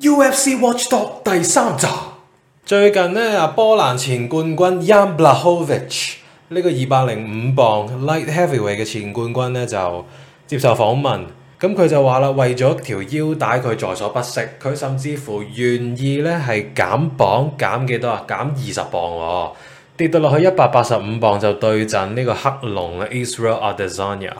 UFC Watchdog 第三集，最近呢，啊波蘭前冠軍 Jan Blachowicz 呢個二百零五磅 Light Heavyweight 嘅前冠軍呢，就接受訪問，咁佢就話啦，為咗條腰帶佢在所不惜，佢甚至乎願意呢係減磅減幾多啊？減二十磅哦，跌到落去一百八十五磅就對陣呢個黑龍 Israel Adesanya。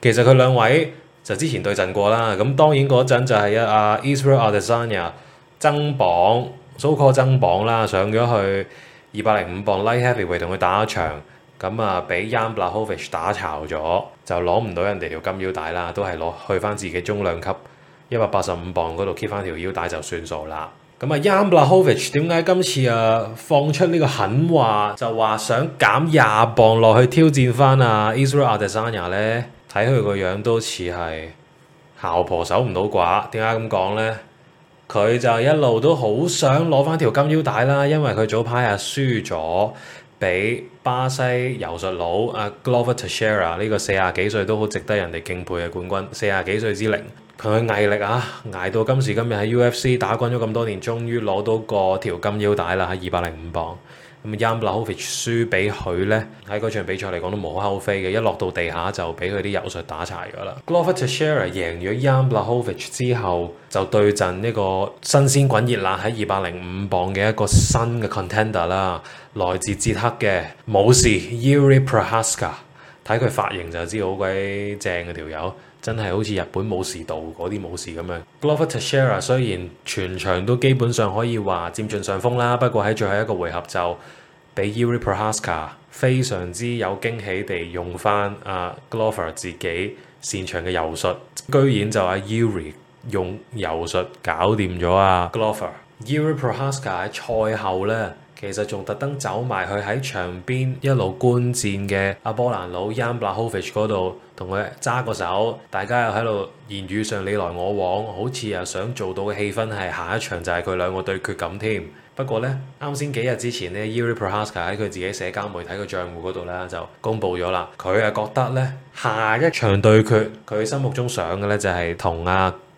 其實佢兩位。就之前對陣過啦，咁當然嗰陣就係啊，Israel Adesanya 增磅，Socho 增磅啦，上咗去二百零五磅 light heavyweight 同佢打一場，咁啊，俾 Jan Blachowicz 打巢咗，就攞唔到人哋條金腰帶啦，都係攞去翻自己中量級一百八十五磅嗰度 keep 翻條腰帶就算數啦。咁啊 Jan Blachowicz 點解今次啊放出呢個狠話，就話想減廿磅落去挑戰翻啊 Israel Adesanya 咧？睇佢個樣都似係姣婆守唔到寡，點解咁講呢？佢就一路都好想攞翻條金腰帶啦，因為佢早排啊輸咗畀巴西柔術佬 Glover Teixeira 呢個四十幾歲都好值得人哋敬佩嘅冠軍，四十幾歲之齡，佢嘅毅力啊，捱到今時今日喺 UFC 打滾咗咁多年，終於攞到個條金腰帶啦，喺二百零五磅。咁 Jan Blachowicz 輸俾佢咧，喺嗰場比賽嚟講都無花無飛嘅，一落到地下就俾佢啲柔術打柴㗎啦。Glover Teixeira 贏咗 Jan Blachowicz 之後，就對陣呢個新鮮滾熱辣喺二百零五磅嘅一個新嘅 contender 啦，來自捷克嘅武士 Jiri Prochazka，睇佢髮型就知好鬼正嘅條友。這個真係好似日本武士道嗰啲武士咁樣。Glover Teixeira 雖然全場都基本上可以話佔盡上風啦，不過喺最後一個回合就俾 Jiri Prochazka 非常之有驚喜地用翻阿 Glover 自己擅長嘅柔術，居然就阿 Jiri 用柔術搞掂咗啊，Glover。Jiri Prochazka 喺賽後咧，其實仲特登走埋去喺場邊一路觀戰嘅阿波蘭佬 Jan Blachowicz 嗰度，同佢揸個手，大家又喺度言語上你來我往，好似又想做到嘅氣氛係下一場就係佢兩個對決咁添。不過呢，啱先幾日之前呢咧 Jiri Prochazka 喺佢自己社交媒體嘅賬戶嗰度咧就公布咗啦，佢係覺得呢，下一場對決，佢心目中想嘅呢就係同阿。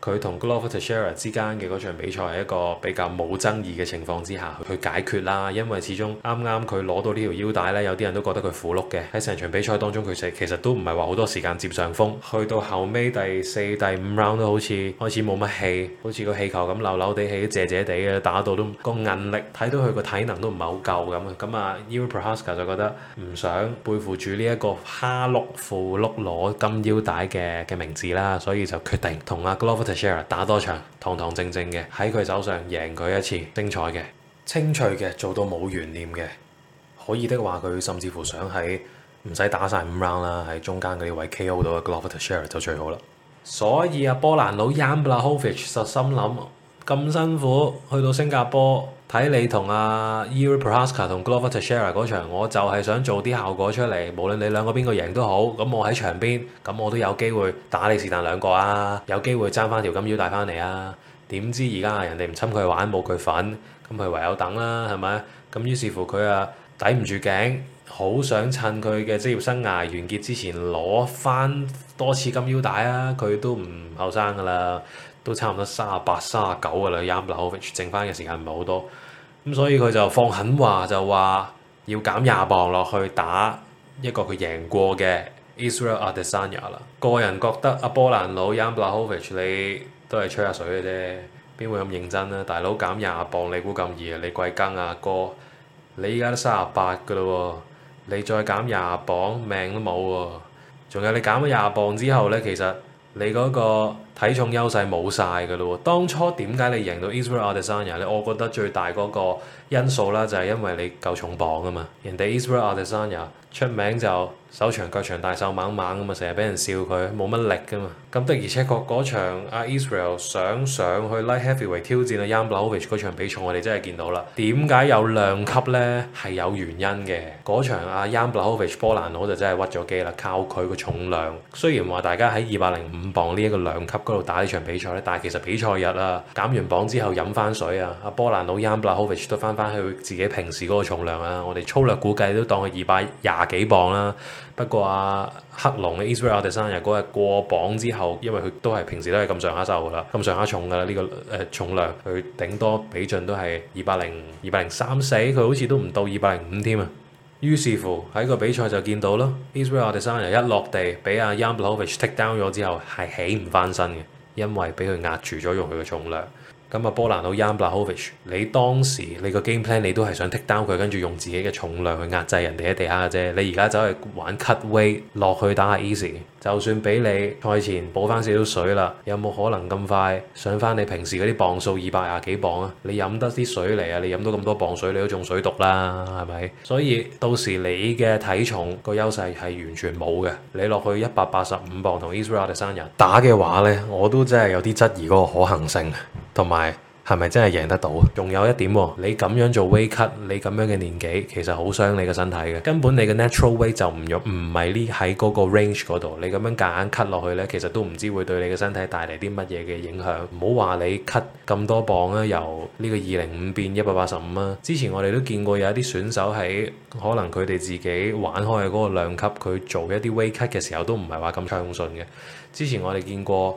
佢同 Glover Teixeira 之間嘅嗰場比賽係一個比較冇爭議嘅情況之下去解決啦，因為始終啱啱佢攞到呢條腰帶咧，有啲人都覺得佢符碌嘅。喺成場比賽當中，佢其實都唔係話好多時間佔上風，去到後尾第四、第五 round 都好似開始冇乜氣，好似個氣球咁扭扭地起，謝謝地嘅，打到都個韌力睇到佢個體能都唔係好夠咁啊。咁啊 Jiri Prochazka 就覺得唔想背負住呢一個哈碌符碌攞金腰帶嘅嘅名字啦，所以就決定同阿 Glover 打多場，堂堂正正嘅喺佢手上贏佢一次，精彩嘅，清脆嘅，做到冇懸念嘅，可以的話佢甚至乎想喺唔使打晒五 round 啦，喺中間嗰啲位 KO 到 Glover Teixeira 就最好啦。所以啊，波蘭佬 Jan Blachowicz 實心諗咁辛苦去到新加坡。睇你同阿 Prochazka 同 Glover Teixeira 嗰場，我就係想做啲效果出嚟。無論你兩個邊個贏都好，咁我喺場邊，咁我都有機會打你是但兩個啊，有機會爭翻條金腰帶翻嚟啊。點知而家人哋唔侵佢玩，冇佢份，咁佢唯有等啦，係咪？咁於是乎佢啊抵唔住頸，好想趁佢嘅職業生涯完結之前攞翻多次金腰帶啊！佢都唔後生噶啦。都差唔多三十八、三十九嘅啦，Jan Blachowicz 剩翻嘅時間唔係好多，咁所以佢就放狠話，就話要減廿磅落去打一個佢贏過嘅 Israel Adesanya 啦。個人覺得阿波蘭佬 Jan Blachowicz 你都係吹下水嘅啫，邊會咁認真咧？大佬減廿磅，你估咁易啊？你貴庚啊哥？你依家都三十八嘅啦喎，你再減廿磅命都冇喎、啊。仲有你減咗廿磅之後咧，其實你嗰、那個。體重優勢冇晒㗎咯，當初點解你贏到 Israel Adesanya 咧？我覺得最大嗰個因素啦，就係因為你夠重磅啊嘛。人哋 Israel Adesanya，出名就手長腳長大手猛猛咁啊，成日俾人笑佢冇乜力噶嘛。咁的而且確嗰場阿 Israel 想上去 Light Heavyweight 挑戰阿 Jan Blachowicz 嗰場比賽，我哋真係見到啦。點解有兩級呢？係有原因嘅。嗰場阿 Jan Blachowicz 波蘭佬就真係屈咗機啦，靠佢個重量。雖然話大家喺二百零五磅呢一個兩級嗰度打呢場比賽咧，但係其實比賽日啊，減完磅之後飲翻水啊，阿波蘭佬 Jan Blachowicz 都翻翻去自己平時嗰個重量啊。我哋粗略估計都當佢二百廿廿幾磅啦、啊，不過阿黑龍嘅 Israel Adesanya 嗰日過磅之後，因為佢都係平時都係咁上下瘦噶啦，咁上下重噶啦呢個誒、呃、重量，佢頂多比盡都係二百零二百零三四，佢好似都唔到二百零五添啊。於是乎喺個比賽就見到咯，Israel Adesanya 一落地俾阿、啊、Jan Blachowicz take down 咗之後，係起唔翻身嘅，因為俾佢壓住咗用佢嘅重量。咁啊，波蘭佬 Jan Blachowicz 你當時你個 game plan 你都係想 take down 佢，跟住用自己嘅重量去壓制人哋喺地下啫。你而家走去玩 cut weight 落去打下 easy，就算俾你賽前補翻少少水啦，有冇可能咁快上翻你平時嗰啲磅數二百廿幾磅啊？你飲得啲水嚟啊？你飲到咁多磅水，你都中水毒啦，係咪？所以到時你嘅體重個優勢係完全冇嘅。你落去一百八十五磅同 Israel 第三日打嘅話呢，我都真係有啲質疑嗰個可行性。同埋，係咪真係贏得到？仲有一點，你咁樣做 weight cut，你咁樣嘅年紀，其實好傷你嘅身體嘅。根本你嘅 natural weight 就唔喐，唔係呢喺嗰個 range 嗰度。你咁樣夾硬 cut 落去呢，其實都唔知會對你嘅身體帶嚟啲乜嘢嘅影響。唔好話你 cut 咁多磅啊，由呢個二零五變一百八十五啊。之前我哋都見過有一啲選手喺可能佢哋自己玩開嘅嗰個量級，佢做一啲 weight cut 嘅時候，都唔係話咁暢順嘅。之前我哋見過。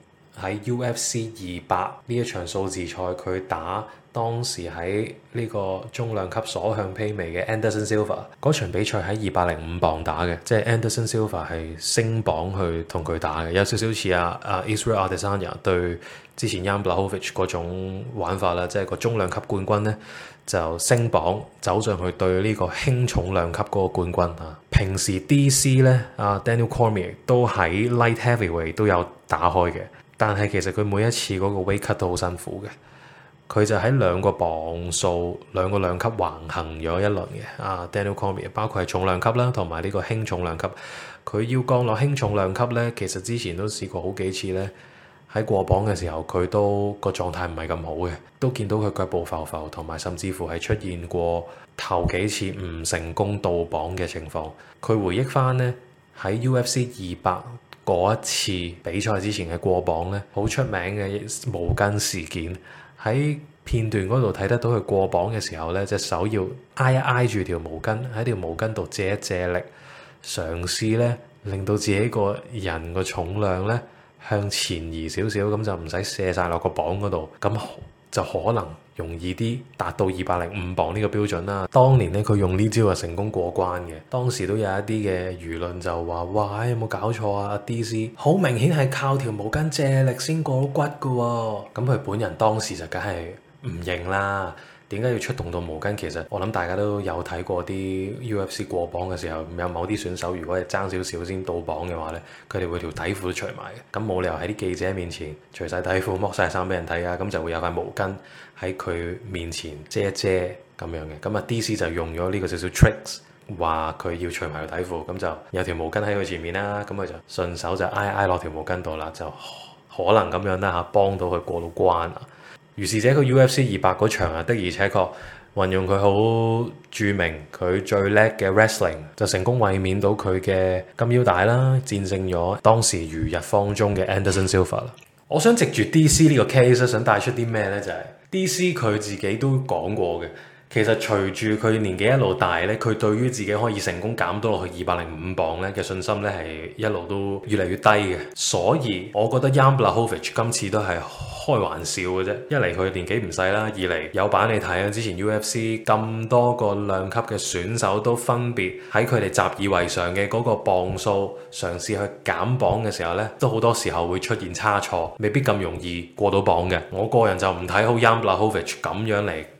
喺 UFC 二百呢一場數字賽，佢打當時喺呢個中量級所向披靡嘅 Anderson Silva 嗰場比賽喺二百零五磅打嘅，即係 Anderson Silva 係升榜去同佢打嘅，有少少似阿、啊、阿 Israel Adesanya 對之前 Jan Blachowicz 嗰種玩法啦，即係個中量級冠軍咧就升榜走上去對呢個輕重量級嗰個冠軍啊。平時 DC 咧啊 Daniel Cormier 都喺 Light Heavyweight 都有打開嘅。但係其實佢每一次嗰個 weight cut 都好辛苦嘅，佢就喺兩個磅數、兩個兩級橫行咗一輪嘅。啊，Daniel Cormier 包括係重量級啦，同埋呢個輕重量級，佢要降落輕重量級呢，其實之前都試過好幾次呢。喺過磅嘅時候佢都個狀態唔係咁好嘅，都見到佢腳步浮浮，同埋甚至乎係出現過頭幾次唔成功到磅嘅情況。佢回憶翻呢，喺 UFC 二百，嗰一次比賽之前嘅過磅呢，好出名嘅毛巾事件，喺片段嗰度睇得到佢過磅嘅時候呢，隻手要挨一挨住條毛巾，喺條毛巾度借一借力，嘗試呢，令到自己個人個重量呢向前移少少，咁就唔使卸晒落個磅嗰度，咁就可能容易啲達到二百零五磅呢個標準啦。當年呢，佢用呢招啊成功過關嘅，當時都有一啲嘅輿論就話：哇，有冇搞錯啊？DC 好明顯係靠條毛巾借力先過骨嘅喎、哦。咁、嗯、佢本人當時就梗係唔認啦。點解要出動到毛巾？其實我諗大家都有睇過啲 UFC 過榜嘅時候，有某啲選手如果係爭少少先到榜嘅話呢，佢哋會條底褲都除埋嘅。咁冇理由喺啲記者面前除晒底褲、剝晒衫俾人睇啊！咁就會有塊毛巾喺佢面前遮一遮咁樣嘅。咁啊，DC 就用咗呢個少少 tricks，話佢要除埋條底褲，咁就有條毛巾喺佢前面啦。咁佢就順手就挨挨落條毛巾度啦，就可能咁樣啦嚇，幫到佢過到關啊！如是者佢 UFC 二百嗰場啊，的而且確運用佢好著名佢最叻嘅 wrestling，就成功衛冕到佢嘅金腰帶啦，戰勝咗當時如日方中嘅 Anderson Silva 啦。我想藉住 DC 呢個 case 想帶出啲咩呢？就係 DC 佢自己都講過嘅。其實隨住佢年紀一路大咧，佢對於自己可以成功減到落去二百零五磅咧嘅信心咧，係一路都越嚟越低嘅。所以我覺得 Jan Blachowicz 今次都係開玩笑嘅啫。一嚟佢年紀唔細啦，二嚟有版你睇啊。之前 UFC 咁多個量級嘅選手都分別喺佢哋習以為常嘅嗰個磅數嘗試去減磅嘅時候咧，都好多時候會出現差錯，未必咁容易過到磅嘅。我個人就唔睇好 Jan Blachowicz 咁樣嚟。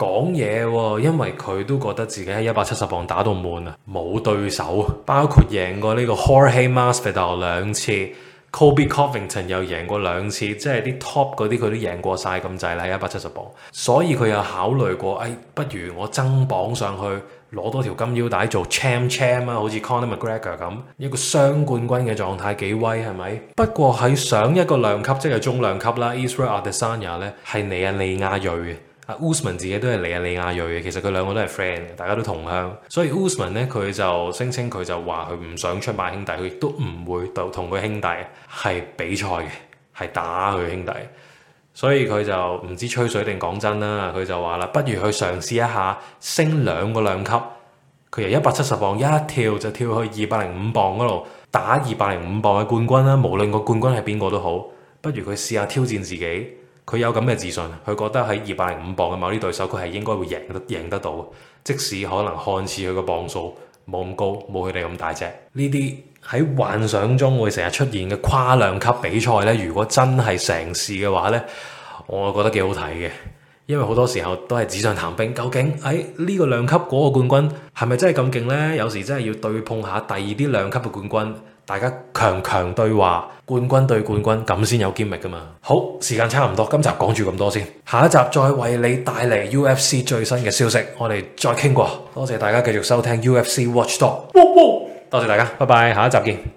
講嘢喎，因為佢都覺得自己喺一百七十磅打到悶啊，冇對手，包括贏過呢個 Jorge Masvidal 兩次，Kobe Covington 又贏過兩次，即係啲 top 嗰啲佢都贏過晒咁滯啦，一百七十磅，所以佢又考慮過，哎，不如我增磅上去，攞多條金腰帶做 champ-champ 啊，好似 Conor McGregor 咁，一個雙冠軍嘅狀態幾威係咪？不過喺上一個量級，即係中量級啦，Israel Adesanya 咧係尼日利亞裔嘅 Usman、e、自己都係李亞李亞裔嘅，其實佢兩個都係 friend，大家都同鄉，所以 Usman 咧、e、佢就聲稱佢就話佢唔想出賣兄弟，佢亦都唔會同佢兄弟係比賽嘅，係打佢兄弟，所以佢就唔知吹水定講真啦。佢就話啦，不如去嘗試一下升兩個兩級，佢由一百七十磅一跳就跳去二百零五磅嗰度打二百零五磅嘅冠軍啦，無論個冠軍係邊個都好，不如佢試下挑戰自己。佢有咁嘅自信，佢覺得喺二百零五磅嘅某啲對手，佢係應該會贏贏得到，即使可能看似佢嘅磅數冇咁高，冇佢哋咁大隻。呢啲喺幻想中會成日出現嘅跨量級比賽呢，如果真係成事嘅話呢，我覺得幾好睇嘅，因為好多時候都係紙上談兵。究竟喺呢、哎這個量級嗰個冠軍係咪真係咁勁呢？有時真係要對碰下第二啲量級嘅冠軍。大家強強對話，冠軍對冠軍，咁先有揭力噶嘛？好，時間差唔多，今集講住咁多先，下一集再為你帶嚟 UFC 最新嘅消息，我哋再傾過。多謝大家繼續收聽 UFC Watchdog，多謝大家，拜拜，下一集見。